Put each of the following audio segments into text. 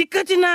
dikkati na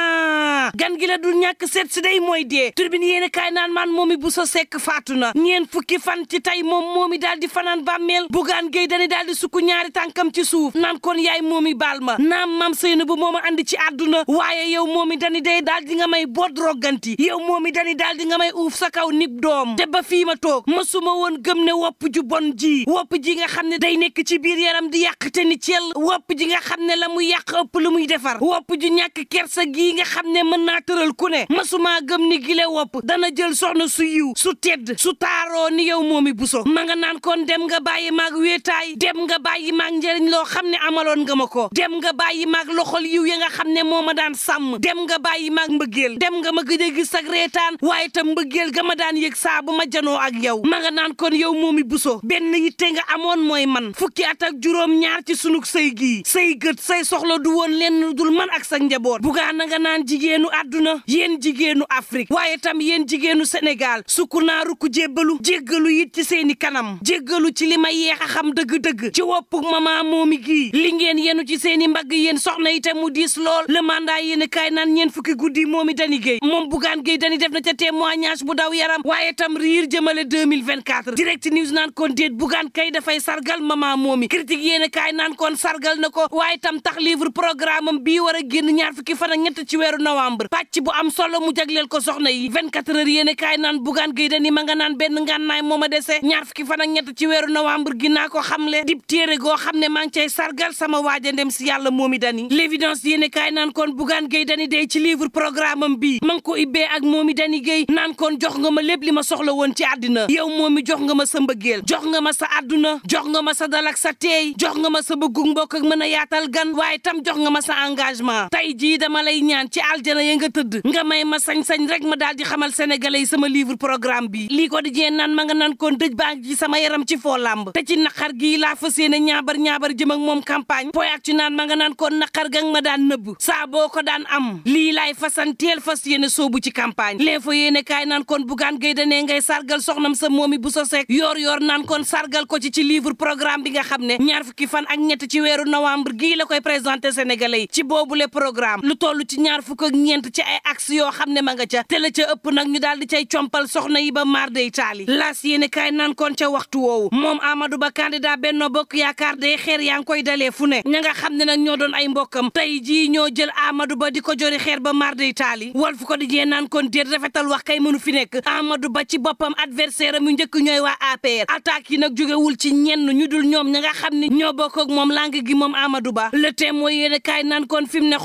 gan gi la dul ñàkk seet si day mooy dee turbine yéen kaay naan maan moomi bu so sekk faatu na ñeen fukki fan ci tey moom moomi daal di fanaan bàmmeel bugaan géey dani daal di sukk ñaari tànkam ci suuf naan kon yaay moomi baal ma naam maam sëyna bu mooma andi ci àdduna waaye yow moomi dani day daal di nga may bood rogganti yow moomi dani daal di nga may uuf sa kaw nib doom te ba fii ma toog mësuma woon gëm ne wopp ju bon ji wopp ji nga xam ne day nekk ci biir yaram di yàq te ni cel wopp ji nga xam ne la mu yàq ëpp lu muy defar wopp ju ñàkk kersa gii nga xam ne mën naa tëral ku ne masumaa gëm ni gile wopp dana jël soxna su yiw su tedd su taaroo ni yow moomi buso ma nga naan kon dem nga bàyyi maag wéetaay dem nga bàyyi maag njëriñ loo xam ne amaloon nga ma ko dem nga bàyyi maag loxol yiw ya nga xam ne moo ma daan sàmm dem nga bàyyi maag mbëggeel dem nga ma gëj a gis ak reetaan waaye tam mbëggeel ga ma daan yëg saa bu ma janoo ak yow ma nga naan kon yow moomi buso benn yitte nga amoon mooy man fukki at ak juróom ñaar ci sunug sëy gii sëy gët say soxla du woon lenn dul man ak sa njaboot bugaana nga naan jigéenu àdduna yéen jigéenu Afrique waaye tam yéen jigéenu senegal sukku naa rukk jébbalu jéggalu it ci seeni kanam jéggalu ci li ma yeex xam dëgg-dëgg ci woppuk mama moomi gii li ngeen yenu ci seeni mbagg yéen soxna itam mu diis lool le mandat yéen kaay naan ñeen fukki guddi moomi dani géey moom bugaan géey dani def na ca témoignage bu daw yaram waaye tam riir jëmale 2024 direct news naan kon déet bugaan kay dafay sargal mama moomi critique yéen kaay naan kon sargal na ko waaye tam tax livre programme am bii war a fukki fan ak ñett ci weeru novembre pàcc bu am solo mu jagleel ko soxna yi 24 heures yéene kaay naan bugaan géy dani ma nga naan benn ngànnaay moo ma dese ñaar fukki fan ak ñett ci weeru novembre gi naa ko xamle dib téere goo xam ne maa ngi cay sargal sama waaja ndem si yàlla moomi dani l'évidence yéene kaay naan kon bugaan géy dani day ci livre programme am bii ma ngi ko ibbee ak moomi dani géy naan kon jox nga ma lépp li ma soxla woon ci àddina yow moomi jox nga ma sa mbëggeel jox nga ma sa àdduna jox nga ma sa dalak sa teey jox nga ma sa bëggug mbokk mën a yaatal gan waaye tam jox nga ma sa engagement tey bii dama lay ñaan ci aljana ya nga tëdd nga may ma sañ-sañ rek ma daal di xamal sénégalais sama livre programme bi lii ko di jeen naan ma nga naan kon dëj baa ngi ci sama yaram ci foo làmb te ci naqar gii laa fas yéene ñaabar ñaabar jëm ak moom campagne poy ak ci naan ma nga naan kon naqar gang ma daan nëbb saa boo ko daan am lii laay fasanteel fas yéene soobu ci campagne l'info yéene kaay naan kon bugaan gay danee ngay sargal soxnam sa moomi bu so seek yoor yoor naan kon sargal ko ci ci livre programme bi nga xam ne ñaar fukki fan ak ñett ci weeru novembre gii la koy présenté sénégalais yi ci boobule programme lu toll ci ñaar fukk ak ñeent ci ay yoo xam ne ma nga ca te la ca ëpp nag ñu daal di cay compal soxna yi ba maar day taali laas yéene kaay naan kon ca waxtu woowu moom amadu Ba candidat Benno Bokk Yaakaar day xeer yaa ngi koy dalee fu ne ña nga xam ne nag ñoo doon ay mbokkam tey jii ñoo jël Amadou Ba di ko jori xeer ba maar day taali wal fu ko di jee naan kon déet rafetal wax kay mënu fi nekk Amadou Ba ci boppam adversaire am yu njëkk ñooy waa APR attaque yi nag jógewul ci ñenn ñu dul ñoom ña nga xam ne ñoo moom langue gi moom Amadou Ba le témoin yéene kaay naan kon fi mu ne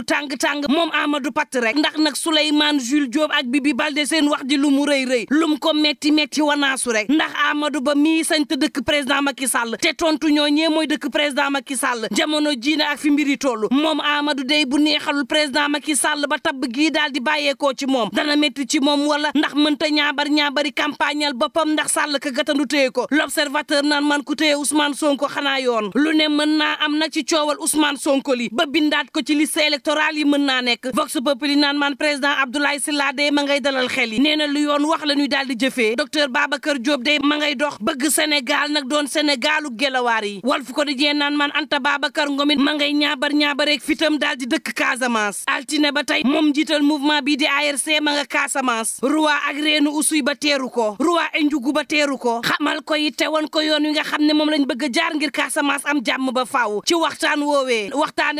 mu tàng-tàng moom Amadou Patt rek ndax nag Souleymane Jules Diop ak Bibi Baldé seen wax ji lu mu rëy rëy lum ko metti metti wanaasu rek ndax Amadou Ba mii sañta dëkk président Macky Sall te tontu ñoo ñee mooy dëkk président Macky Sall jamono jii na Sall ba tabb gii daal di bàyyeekoo ci moom dana métti ci moom wala ndax mënta ñaabar ñaabari campagneal boppam ndax Sall ka gatandu téye ko l'observateur naan man ku téye Ousmane Sonko xanaa yoon lu ne mën naa am na ci coowal Ousmane Sonko li ba bindaat ko électorale yi mën naa nekk vox populi naan man président Abdoulaye Sylla de ma ngay dalal xel yi nee na lu yoon wax la ñuy daal di jëfee docteur Babacar Diop de ma ngay dox bëgg Sénégal nag doon Sénégalu gelawaar yi di Quotidien naan man Anta Babacar Ngom it ma ngay ñaabar ñaabareeg fitam daal di dëkk Casamance altine ba tey moom njiital mouvement bii di ARC ma nga Casamance ruwa ak reenu usuy ba teeru ko ruwa enjugu ba teeru ko xamal ko yi wan ko yoon wi nga xam ne moom lañ bëgg jaar ngir Casamance am jàmm ba faaw ci waxtaan woowee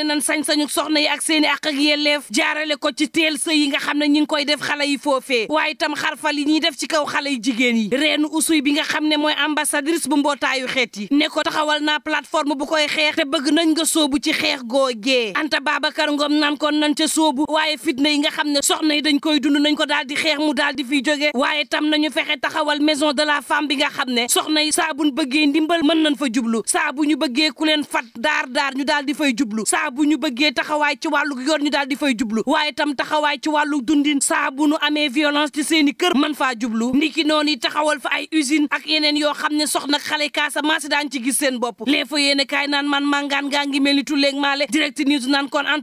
nan sañ-sañu soxna yi ak seeni ak ak yelleef jaarale ko ci teel sëy yi nga xam ne ñi ngi koy def xale yi foofee waaye tam xarfal yi ñuy def ci kaw xale yi jigéen yi reenu usuy bi nga xam ne mooy ambassadrice bu mbootaayu xeet yi ne ko taxawal naa plateforme bu koy xeex te bëgg nañ nga soobu ci xeex googee Anta Babacar Ngom nan kon nan ca soobu waaye fitna yi nga xam ne soxna yi dañ koy dund nañ ko daal di xeex mu daal di fi jóge waaye tam nañu fexe taxawal maison de la femme bi nga xam ne soxna yi saa buñ ndimbal mën nañ fa jublu saa bu ñu bëggee ku leen fat daar daar ñu daal di fay jublu saa ñu bëggee taxawaay wàllu yoon ñu daal i kër man faa jublu ndiki noonu taxawal fa ay usine ak yeneen yoo xam ne soxna xale Casamance daan ci gis seen bopp les fa yéene kaay naan man mangaan ngaa ngi mel ni tulleeg maale direct kon en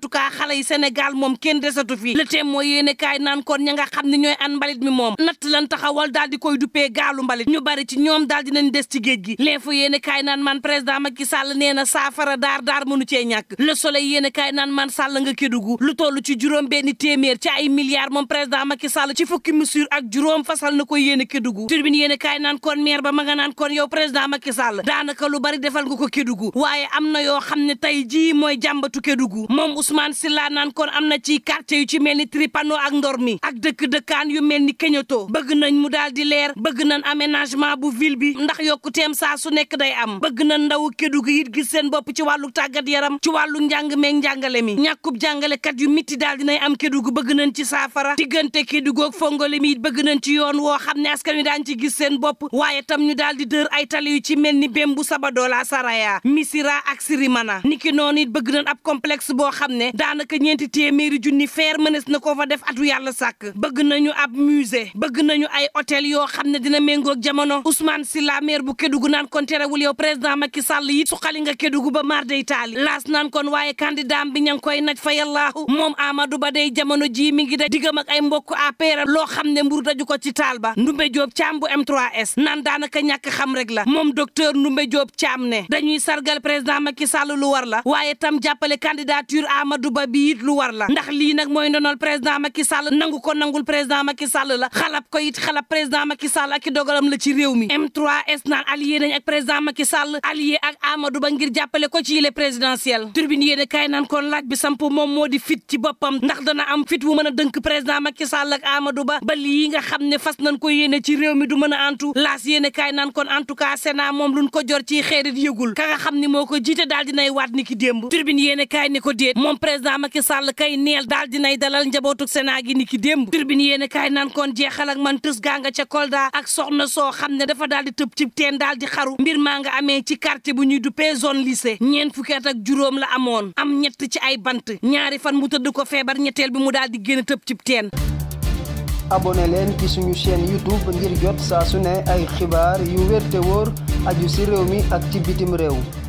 xam ne ñooy an mbalit mi moom natt lan taxawal daal di koy duppee gaalu mbalit ñu bari ci ñoom daal dinañ des ci géej gi les fa yéene kaay naan man président Macky Sall na saafara daar daar mënu cee ñàkk le soleil yéene kaay naan man Sall nga Kédougou lu toll ci juróom benn téeméer ci ay milliards moom président Macky Sall ci fukki mesure ak juróom fasal na ko yéene Kédougou turbine yéene kaay nan kon maire ba ma nga naan kon yow président Macky Sall daanaka lu bari defal nga ko Kédougou waaye am na yoo xam ne tey jii mooy jàmbatu Kédougou moom Ousmane Sylla naan kon am na ci quartier yu ci mel ni Tripano ak Ndormi ak dëkk-dëkkaan yu mel ni Keñoto bëgg nañ mu daal di leer bëgg nañ aménagement bu ville bi ndax yokkuteem saa su nekk day am bëgg nañ ndaw Kédougou it gis seen bopp ci wàllu tàggat yaram ci wàllu njàng meeg njàngale mi jàngalekat yu mitti daal dinay am Kédougou bëgg nañ ci saafara diggante Kédougou ak Fongolemi it bëgg nañ ci yoon woo xam ne askan ni daan ci gis seen bopp waaye tam ñu daal di dër ay tali yu ci mel ni Bembu Sabadola Saraya Missira ak Sirimana niki noonu it bëgg nañu ab complexe boo xam ne daanaka ñeenti téeméeri junni feer mënees na ko fa def atu yàlla sàkk bëgg nañu ab muse bëgg nañu ay hôtel yoo xam ne dina méngoog jamono Ousmane Sylla maire bu Kédougou naan kon terewul yow président Sall it suqali nga Kédougou ba mar day taali laas naan kon bi ña ngi koy naj fayallaahu moom Amadou Ba day jamono jii mi ngi daj diggam ak ay mbokk APR loo xam ne mburu daju ko ci taal ba Ndumbe Diop Thiam bu M3S daanaka ñàkk xam rek la moom docteur Ndumbe Diop Thiam ne dañuy sargal président Macky Sall lu war la waaye tam jàppale candidature Amadou Ba bi it lu war la ndax lii nag mooy ndonol président Macky Sall nangu ko nangul président Macky Sall la xalab ko it xalab président Macky Sall ak i dogalam la ci réew mi M3S naan allié nañ ak président Macky Sall allié ak Amadou Ba ngir jàppale ko ci yile présidentielle turbine a kaay naan kon laaj bi sampu moom moo di fit ci boppam ndax dana am fit wu mën a dënk président Macky Sall ak Amadou Ba ba lii nga xam ne fas nañ ko yéene ci réew mi du mën a antu laas yéene kaay nan kon en tout cas Sénat moom luñ ko jor ci xeerit yëgul ka nga xam ne moo ko jiite daal dinay waat ni ki démb turbine yéene kaay ni ko déet moom président Macky Sall kay neel daal dinay dalal njabootuk Sénat gi ni ki démb turbine yéene kaay naan kon jeexal ak man tës gaa nga ca Kolda ak soxna soo xam ne dafa daal di tëb ci teen daal xaru mbir maa nga amee ci quartier bu ñuy duppee zone lycée ñeen fukki at ak juróom la amoon am ñett ci ay bant ñaari fan mu tëdd ko feebar ñetteel bi mu daal di génn tëb cib teen. abonné leen ci suñu chaîne YouTube ngir jot saa su ne ay xibaar yu wér te wóor aju ci réew mi ak ci bitim réew.